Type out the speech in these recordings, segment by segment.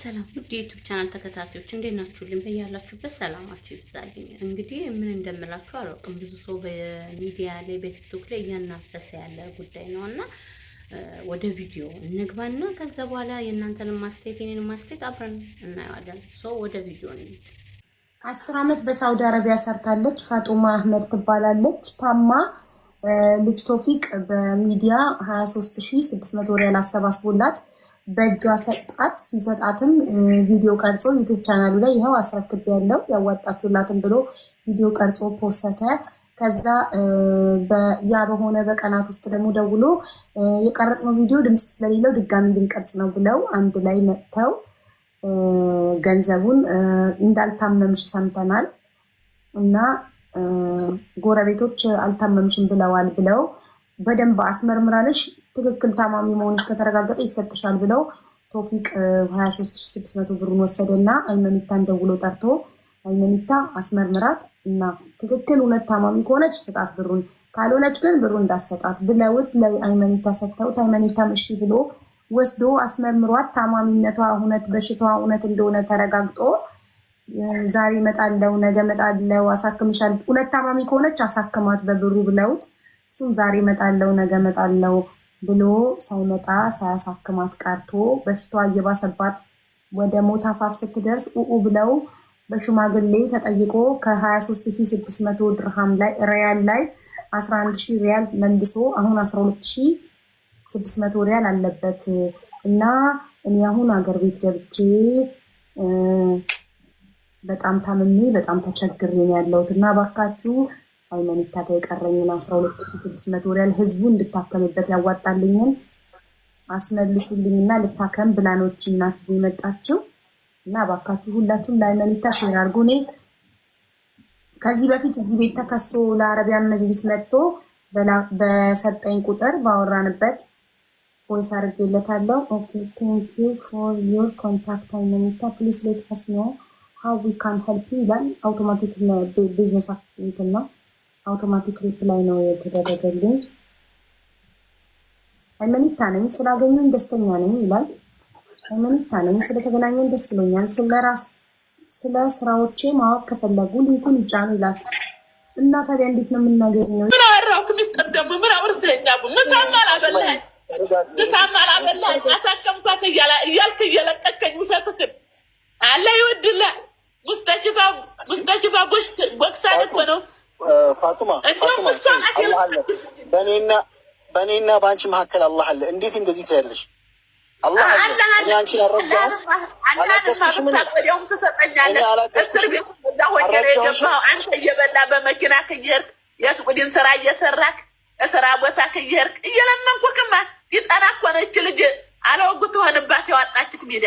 ሰላም ሰላም ውድ ዩቱብ ቻናል ተከታታዮች እንዴት ናችሁልኝ? በያላችሁበት ሰላማችሁ ይብዛልኝ። እንግዲህ ምን እንደምላችሁ አላውቅም። ብዙ ሰው በሚዲያ ላይ በቲክቶክ ላይ እያናፈሰ ያለ ጉዳይ ነው እና ወደ ቪዲዮ እንግባና ከዛ በኋላ የእናንተን ማስተያየት የኔን ማስተያየት አብረን እናየዋለን። ሶ ወደ ቪዲዮ እንሂድ። አስር ዓመት በሳውዲ አረቢያ ሰርታለች። ፋጡማ አህመድ ትባላለች። ታማ ልጅ ቶፊቅ በሚዲያ 23600 ሪያል አሰባስቦላት በእጇ ሰጣት። ሲሰጣትም ቪዲዮ ቀርጾ ዩቱብ ቻናሉ ላይ ይኸው አስረክብ ያለው ያዋጣችሁላትም ብሎ ቪዲዮ ቀርጾ ፖሰተ። ከዛ ያ በሆነ በቀናት ውስጥ ደግሞ ደውሎ የቀረጽነው ቪዲዮ ድምፅ ስለሌለው ድጋሚ ልንቀርጽ ነው ብለው አንድ ላይ መጥተው ገንዘቡን እንዳልታመምሽ ሰምተናል እና ጎረቤቶች አልታመምሽም ብለዋል ብለው በደንብ አስመርምራለሽ ትክክል ታማሚ መሆንሽ ከተረጋገጠ ይሰጥሻል ብለው ቶፊቅ 23600 ብሩን ወሰደና አይመኒታን ደውሎ ጠርቶ አይመኒታ አስመርምራት እና ትክክል እውነት ታማሚ ከሆነች ስጣት ብሩን፣ ካልሆነች ግን ብሩን እንዳሰጣት ብለውት ለአይመኒታ ሰጥተውት አይመኒታ እሺ ብሎ ወስዶ አስመርምሯት ታማሚነቷ እውነት በሽታዋ እውነት እንደሆነ ተረጋግጦ ዛሬ መጣለው ነገ መጣለው አሳክምሻል፣ እውነት ታማሚ ከሆነች አሳክማት በብሩ ብለውት እሱም ዛሬ እመጣለሁ ነገ እመጣለሁ ብሎ ሳይመጣ ሳያሳክማት ቀርቶ በሽታዋ እየባሰባት ወደ ሞት አፋፍ ስትደርስ ኡኡ ብለው በሽማግሌ ተጠይቆ ከ23600 ድርሃም ላይ ሪያል ላይ 11000 ሪያል መልሶ አሁን 12600 ሪያል አለበት እና እኔ አሁን አገር ቤት ገብቼ በጣም ታምሜ በጣም ተቸግሬን ያለሁት እና ባካችሁ ሃይማኖት ታዲያ የቀረኝን አስራ ሁለት ሺ ስድስት መቶ ሪያል ህዝቡ እንድታከምበት ያዋጣልኝን አስመልሱልኝና ልታከም ብላኖች እናት ዜ የመጣችው እና እባካችሁ ሁላችሁም ለአይመኒታ ሼር አድርጉ። እኔ ከዚህ በፊት እዚህ ቤት ተከሶ ለአረቢያን መጅሊስ መጥቶ በሰጠኝ ቁጥር ባወራንበት ቮይስ አድርጌለታለሁ። ኦኬ ቴንክ ዩ ፎር ዮር ኮንታክት ሃይማኖታ ፕሊስ ሌት አስ ኖው ሃው ዊ ካን ሄልፕ ይላል። አውቶማቲክ ቢዝነስ እንትን ነው አውቶማቲክ ሪፕላይ ነው የተደረገልኝ። ሃይማኒታ ነኝ ስላገኘኝ ደስተኛ ነኝ ይላል። ሃይማኒታ ነኝ ስለተገናኘን ደስ ብሎኛል። ስለ ስራዎቼ ማወቅ ከፈለጉ ሊንኩን ይጫኑ ይላል። እና ታዲያ እንዴት ነው የምናገኘው? ምን አወራሁ? ምስጢር ደግሞ ምን አውርተኛ? ምሳም አላበላኝ፣ ምሳም አላበላኝ። አሳከምኳት እያልክ እየለቀከኝ ውሸትህን አለ ይወድለ ሙስተሽፋ ሙስተሽፋ ቦክሳን እኮ ነው ፋጡማ አላህ አለ። በእኔና በአንቺ መካከል አላህ አለ። እንዴት እንደዚህ ትያለሽ? አላህ አለ። እኔ አንቺን አልረዳሁም፣ አላከስኩሽም። አንተ እየበላ በመኪና ከየርክ የስቁድን ስራ እየሰራክ ከስራ ቦታ ከየርክ እየለመንኩክማ ጢጠና ልጅ አለወጉ ትሆንባት ያዋጣችክ ሜዳ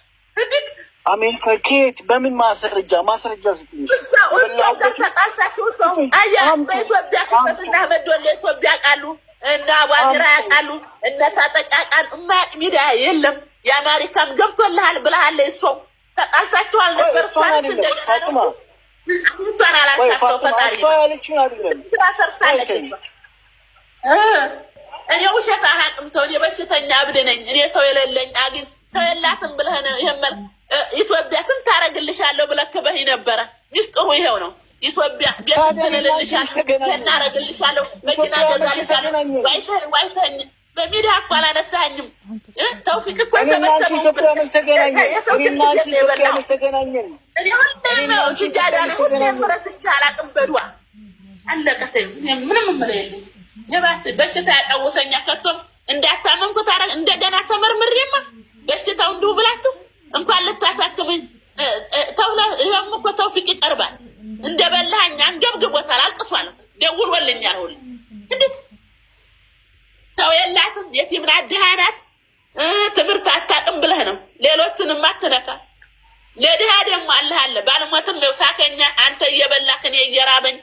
አሜሪካ ከየት በምን ማስረጃ ማስረጃ ስትንሽ ተቃሳሽው ሰው አያስ በኢትዮጵያ ክሰት እና አህመድ ኢትዮጵያ ቃሉ እና ዋዝራ ያውቃሉ እነ ታጠቃቃን የማያውቅ ሚዲያ የለም። የአሜሪካም ገብቶልሃል ብለሃል። ሰው ተቃልታችኋል ነበር እንደገና ነው ሁቷን አላካተው ፈጣሪ ስራ ሰርታለች። እኔ ውሸት አላውቅም። ተው እኔ በሽተኛ እብድ ነኝ። እኔ ሰው የሌለኝ አግኝ ሰው የላትም ብለህ ይህመል ኢትዮጵያ ስንት ታረግልሻለሁ ብለህ ክበህኝ ነበረ። ሚስጥሩ ይሄው ነው። ኢትዮጵያ ቤት እንትን እልልሻለሁ፣ እናረግልሻለሁ፣ መኪና ገዛልሻለሁ። በሚዲያ እኮ አላነሳኝም። ተውፊቅ እኮ ምንም በሽታ ከቶም የቲም ናት፣ ድሃ ናት፣ ትምህርት አታውቅም ብለህ ነው። ሌሎቹንም አትነካ። ለድሃ ደግሞ አለህ ባልሞትም ይኸው አንተ እየበላክ እኔ እየራበኝ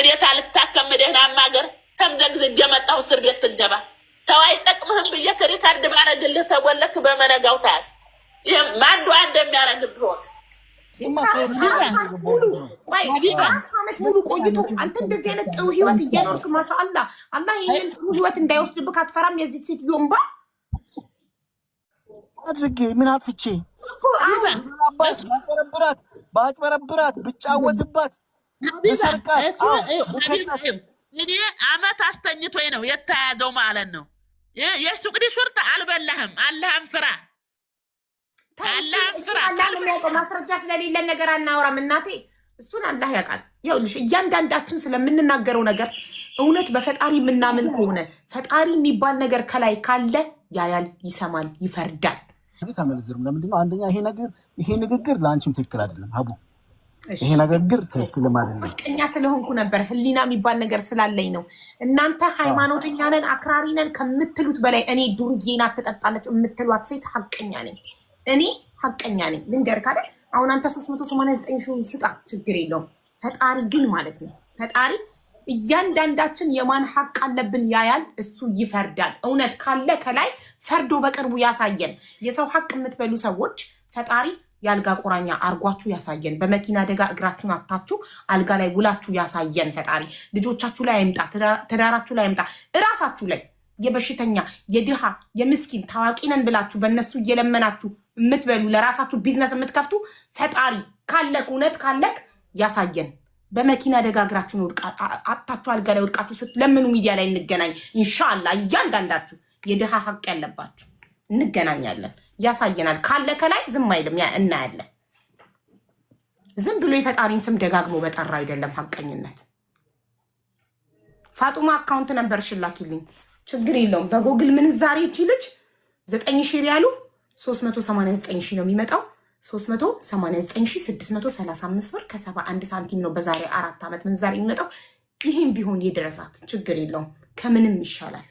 እኔት አልታከም ደህናም ሀገር ተምዘግዝ እየመጣሁ እስር ቤት ትገባ ተው አይጠቅምህም ብዬ ከሪካርድ ባረግልህ ተቦለክ በመነጋው ታያዝ ይህም ማንዷ እንደሚያረግብህ ወቅ ዓመት ሙሉ ቆይቶ አንተ እንደዚህ አይነት ጥሩ ህይወት እየኖርክ ማሻአላ፣ ይህንን ጥሩ ህይወት እንዳይወስድብህ አትፈራም? የዚህ ሴትዮ እንባ አድርጌ ምን አጥፍቼ ባጭበረብራት ባጭበረብራት ብጫወትባት እኔ አመት አስተኝቶኝ ነው የተያዘው ማለት ነው። የሱ ቅዲ አልበላህም ፍራ አላህ የሚያውቀው ማስረጃ ስለሌለን ነገር አናወራም እናቴ። እሱን አላህ ያውቃል። ይኸውልሽ እያንዳንዳችን ስለምንናገረው ነገር እውነት በፈጣሪ የምናምን ከሆነ ፈጣሪ የሚባል ነገር ከላይ ካለ ያያል፣ ይሰማል፣ ይፈርዳል። ተመልዝርም ለምንድን ነው አንደኛ፣ ይሄ ነገር ይሄ ንግግር ለአንቺም ትክክል አይደለም አቡ ይሄ ንግግር ትክክልም አይደለም። ሐቀኛ ስለሆንኩ ነበር ህሊና የሚባል ነገር ስላለኝ ነው። እናንተ ሃይማኖተኛ ነን አክራሪ ነን ከምትሉት በላይ እኔ ዱርዬ ናት ትጠጣለች የምትሏት ሴት ሀቀኛ ነኝ። እኔ ሀቀኛ ነኝ። ልንገር አይደል? አሁን አንተ 389 ሺህ ስጣ፣ ችግር የለውም። ፈጣሪ ግን ማለት ነው ፈጣሪ እያንዳንዳችን የማን ሀቅ አለብን ያያል፣ እሱ ይፈርዳል። እውነት ካለ ከላይ ፈርዶ በቅርቡ ያሳየን። የሰው ሀቅ የምትበሉ ሰዎች ፈጣሪ የአልጋ ቁራኛ አርጓችሁ ያሳየን። በመኪና አደጋ እግራችሁን አታችሁ አልጋ ላይ ውላችሁ ያሳየን። ፈጣሪ ልጆቻችሁ ላይ አይምጣ፣ ትዳራችሁ ላይ አይምጣ፣ እራሳችሁ ላይ የበሽተኛ የድሃ የምስኪን ታዋቂ ነን ብላችሁ በእነሱ እየለመናችሁ የምትበሉ ለራሳችሁ ቢዝነስ የምትከፍቱ ፈጣሪ ካለክ እውነት ካለክ ያሳየን። በመኪና ደጋግራችሁን አጥታችሁ አልጋ ላይ ወድቃችሁ ስትለምኑ ሚዲያ ላይ እንገናኝ። እንሻላ እያንዳንዳችሁ የድሃ ሀቅ ያለባችሁ እንገናኛለን። ያሳየናል። ካለ ከላይ ዝም አይልም፣ እናያለን። ዝም ብሎ የፈጣሪን ስም ደጋግሞ በጠራ አይደለም ሀቀኝነት። ፋጡማ አካውንት ነበር ሽላኪልኝ፣ ችግር የለውም። በጎግል ምንዛሬ ይቺ ልጅ ዘጠኝ ሺህ ሪያሉ 389 ሺህ ነው የሚመጣው። 389635 ብር ከ71 ሳንቲም ነው በዛሬ አራት ዓመት ምንዛሬ የሚመጣው። ይህም ቢሆን የድረሳት ችግር የለውም ከምንም ይሻላል።